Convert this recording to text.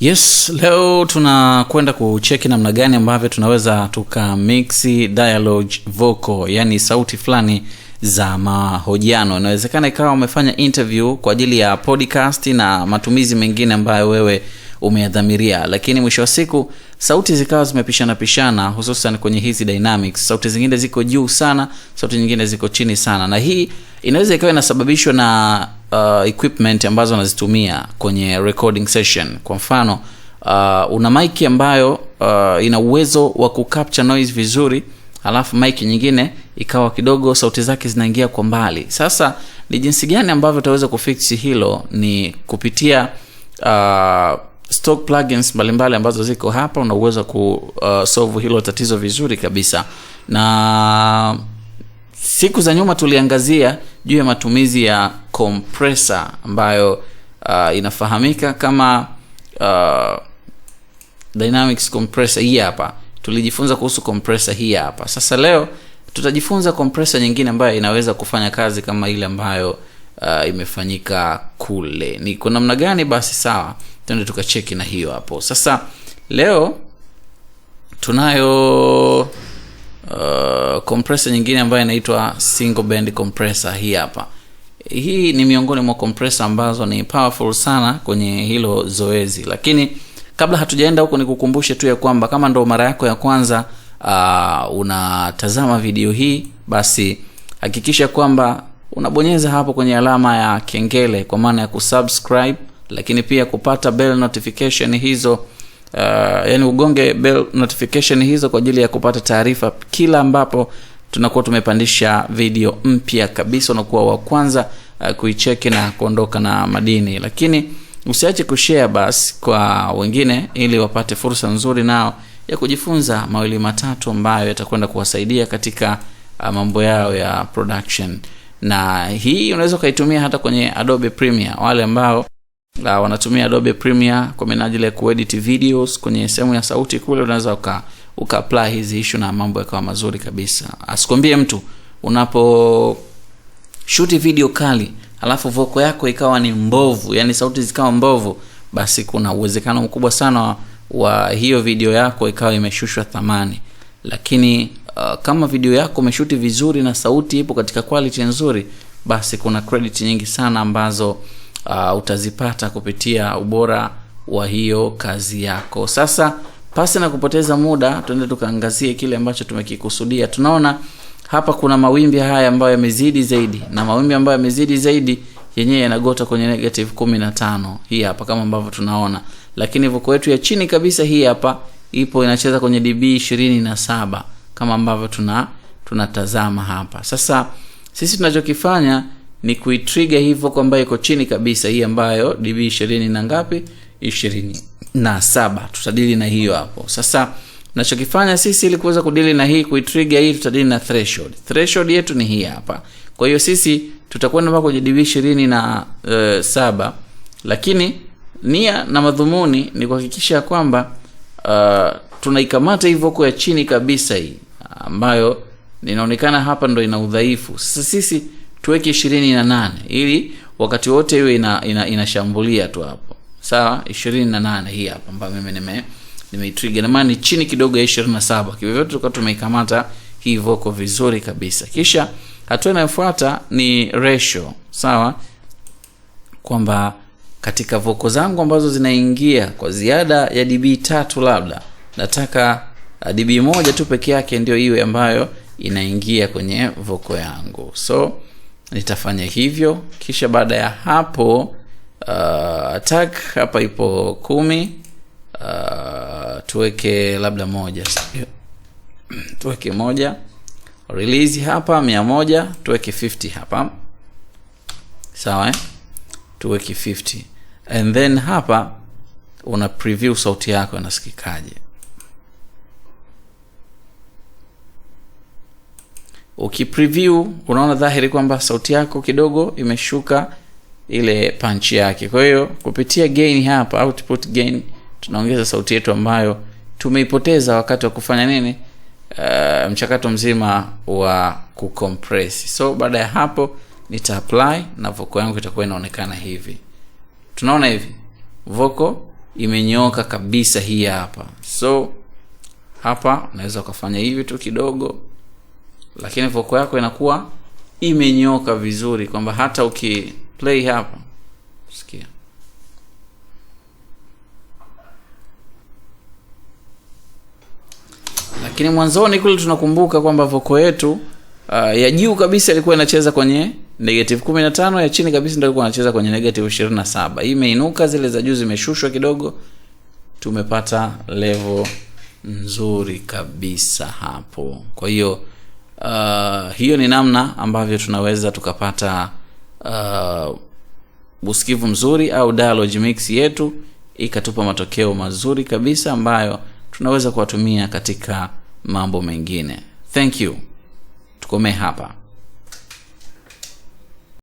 yes leo tunakwenda kucheki namna gani ambavyo tunaweza tukamixi dialogue vocal yaani sauti fulani za mahojiano inawezekana ikawa umefanya interview kwa ajili ya podcast na matumizi mengine ambayo wewe umeadhamiria lakini mwisho wa siku sauti zikawa zimepishanapishana hususan kwenye hizi dynamics sauti zingine ziko juu sana sauti nyingine ziko chini sana na hii inaweza ikawa inasababishwa na uh, equipment ambazo anazitumia kwenye recording session kwa mfano uh, una mic ambayo uh, ina uwezo wa kucapture noise vizuri alafu mic nyingine ikawa kidogo sauti zake zinaingia kwa mbali sasa ni jinsi gani ambavyo utaweza kufix hilo ni kupitia uh, stock plugins mbalimbali ambazo ziko hapa una uwezo ku uh, solve hilo tatizo vizuri kabisa na Siku za nyuma tuliangazia juu ya matumizi ya compressor ambayo uh, inafahamika kama uh, dynamics compressor hii hapa. Tulijifunza kuhusu compressor hii hapa. Sasa leo tutajifunza compressor nyingine ambayo inaweza kufanya kazi kama ile ambayo uh, imefanyika kule. Ni kwa namna gani? Basi sawa, twende tukacheki na hiyo hapo. Sasa leo tunayo uh, compressor nyingine ambayo inaitwa single band compressor hii hapa hii ni miongoni mwa compressor ambazo ni powerful sana kwenye hilo zoezi lakini kabla hatujaenda huko nikukumbushe tu ya kwamba kama ndo mara yako ya kwanza uh, unatazama video hii basi hakikisha kwamba unabonyeza hapo kwenye alama ya kengele kwa maana ya kusubscribe lakini pia kupata bell notification hizo uh, yani ugonge bell notification hizo kwa ajili ya kupata taarifa kila ambapo tunakuwa tumepandisha video mpya kabisa unakuwa wa kwanza uh, kuicheki na kuondoka na madini lakini usiache kushare basi kwa wengine ili wapate fursa nzuri nao ya kujifunza mawili matatu ambayo yatakwenda kuwasaidia katika uh, mambo yao ya production na hii unaweza ukaitumia hata kwenye adobe premiere wale ambao la, wanatumia adobe premiere kwa minajili ya kuedit videos kwenye sehemu ya sauti kule unaweza uka uka apply hizi issue na mambo yakawa mazuri kabisa asikwambie mtu unapo shoot video kali alafu voko yako ikawa ni mbovu yani sauti zikawa mbovu basi kuna uwezekano mkubwa sana wa hiyo video yako ikawa imeshushwa thamani lakini uh, kama video yako umeshuti vizuri na sauti ipo katika quality nzuri basi kuna credit nyingi sana ambazo uh, utazipata kupitia ubora wa hiyo kazi yako sasa pasi na kupoteza muda tuende tukaangazie kile ambacho tumekikusudia tunaona hapa kuna mawimbi haya ambayo yamezidi zaidi na mawimbi ambayo yamezidi zaidi yenyewe yanagota kwenye negative kumi na tano hii hapa kama ambavyo tunaona lakini voko yetu ya chini kabisa hii hapa ipo inacheza kwenye db ishirini na saba kama ambavyo tuna tunatazama hapa sasa sisi tunachokifanya ni kuitriga hivyo kwamba iko chini kabisa hii ambayo db ishirini na ngapi ishirini na saba tutadili na hiyo hapo sasa nachokifanya sisi ili kuweza kudili na hii kuitriga hii tutadili na threshold threshold yetu ni hii hapa kwa hiyo sisi tutakwenda mpaka kwenye db ishirini na e, saba lakini nia na madhumuni ni kuhakikisha kwamba uh, tunaikamata hii voko ya chini kabisa hii ambayo ninaonekana hapa ndo ina udhaifu sasa sisi tuweke ishirini na nane ili wakati wote hiyo ina, ina, inashambulia tu hapo sawa ishirini na nane hii hapa ambayo mimi nime nimeitriga ni chini kidogo ya ishirini na saba kivyovyote tukawa tumeikamata hii voko vizuri kabisa kisha hatua inayofuata ni ratio sawa kwamba katika voko zangu ambazo zinaingia kwa ziada ya db tatu labda nataka uh, db moja tu peke yake ndio iwe ambayo inaingia kwenye voko yangu so nitafanya hivyo kisha baada ya hapo uh, attack hapa ipo kumi uh, tuweke labda moja tuweke moja release hapa mia moja tuweke 50 hapa sawa eh? tuweke 50 and then hapa una preview sauti yako inasikikaje ukipreview unaona dhahiri kwamba sauti yako kidogo imeshuka ile punch yake kwa hiyo kupitia gain hapa output gain tunaongeza sauti yetu ambayo tumeipoteza wakati wa kufanya nini uh, mchakato mzima wa kucompress so baada ya hapo nita apply na voko yangu itakuwa inaonekana hivi tunaona hivi voko imenyoka kabisa hii hapa so hapa unaweza ukafanya hivi tu kidogo lakini voko yako inakuwa imenyoka vizuri kwamba hata play hapa sikia lakini mwanzoni kule tunakumbuka kwamba voko yetu uh, ya juu kabisa ilikuwa inacheza kwenye negative kumi na tano ya chini kabisa ndio ilikuwa inacheza kwenye negative ishirini na saba imeinuka zile za juu zimeshushwa kidogo tumepata level nzuri kabisa hapo kwa hiyo uh, hiyo ni namna ambavyo tunaweza tukapata uh, usikivu mzuri au dialogue mix yetu ikatupa matokeo mazuri kabisa ambayo tunaweza kuwatumia katika mambo mengine thank you tukomee hapa